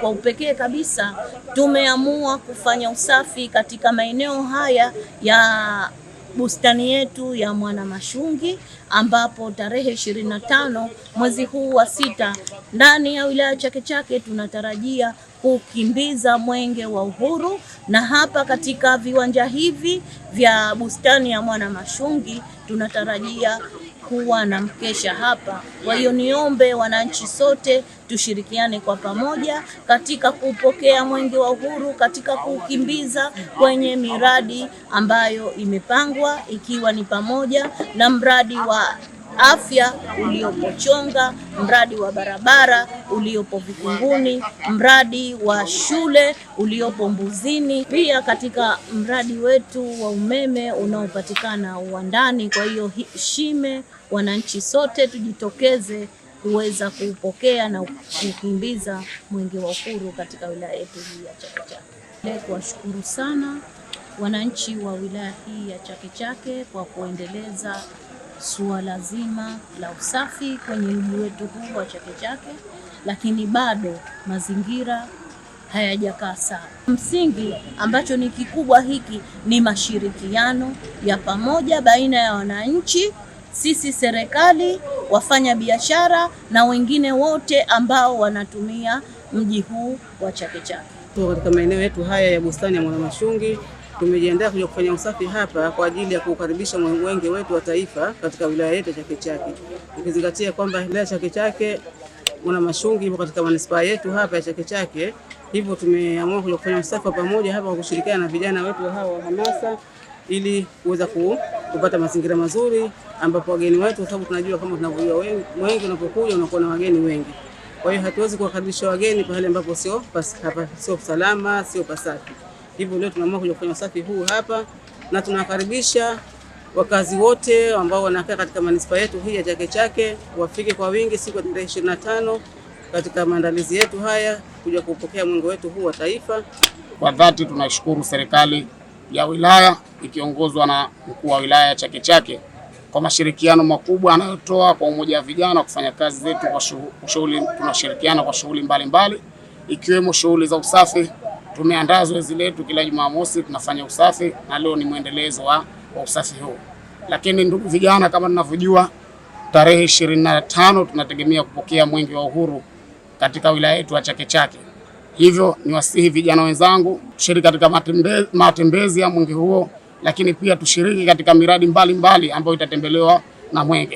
kwa upekee kabisa tumeamua kufanya usafi katika maeneo haya ya bustani yetu ya mwana mashungi ambapo tarehe 25 mwezi huu wa sita ndani ya wilaya Chake Chake tunatarajia kukimbiza mwenge wa uhuru, na hapa katika viwanja hivi vya bustani ya mwana mashungi tunatarajia kuwa na mkesha hapa. Kwa hiyo niombe wananchi sote tushirikiane kwa pamoja katika kupokea mwenge wa uhuru, katika kuukimbiza kwenye miradi ambayo imepangwa, ikiwa ni pamoja na mradi wa afya uliopo Chonga, mradi wa barabara uliopo Vikunguni, mradi wa shule uliopo Mbuzini, pia katika mradi wetu wa umeme unaopatikana Uwandani. Kwa hiyo shime, wananchi sote tujitokeze kuweza kuupokea na kukimbiza mwenge wa uhuru katika wilaya yetu hii ya Chake Chake. Kuwashukuru sana wananchi wa wilaya hii ya Chake Chake kwa kuendeleza suala zima la usafi kwenye mji wetu huu wa Chake Chake, lakini bado mazingira hayajakaa sawa. Msingi ambacho ni kikubwa hiki ni mashirikiano ya pamoja baina ya wananchi, sisi serikali, wafanya biashara na wengine wote ambao wanatumia mji huu wa Chake Chake. Katika maeneo yetu haya ya bustani ya Mwanamashungi Tumejiandaa kuja kufanya usafi hapa kwa ajili ya kukaribisha mwenge wetu wa taifa katika wilaya yetu ya Chake Chake, ukizingatia kwamba wilaya ya Chake Chake kuna mashungi ipo katika manispaa yetu hapa ya Chake Chake. Hivyo tumeamua kuja kufanya usafi pamoja hapa kwa kushirikiana na vijana wetu hawa wa hamasa ili kuweza kupata mazingira mazuri ambapo wageni wetu, kwa sababu tunajua kama tunavyojua wengi, unapokuja unakuwa na wageni wengi. Kwa hiyo hatuwezi kuwakaribisha wageni pahali ambapo sio hapa sio salama, sio pasafi. Hivyo leo tunaamua kuja kufanya usafi huu hapa, na tunawakaribisha wakazi wote ambao wanakaa katika manispaa yetu hii ya Chake Chake wafike kwa wingi siku ya tarehe ishirini na tano katika maandalizi yetu haya kuja kupokea mwenge wetu huu wa taifa. Kwa dhati tunashukuru serikali ya wilaya ikiongozwa na mkuu wa wilaya ya Chake Chake kwa mashirikiano makubwa anayotoa kwa umoja wa vijana kufanya kazi zetu kwa shughuli, tunashirikiana kwa shughuli mbalimbali ikiwemo shughuli za usafi. Tumeandaa zoezi letu kila Jumamosi, tunafanya usafi na leo ni mwendelezo wa, wa usafi huu. Lakini ndugu vijana, kama tunavyojua, tarehe 25 tunategemea kupokea mwenge wa uhuru katika wilaya yetu ya Chake Chake. Hivyo niwasihi vijana wenzangu tushiriki katika matembezi, matembezi ya mwenge huo, lakini pia tushiriki katika miradi mbalimbali ambayo itatembelewa na mwenge.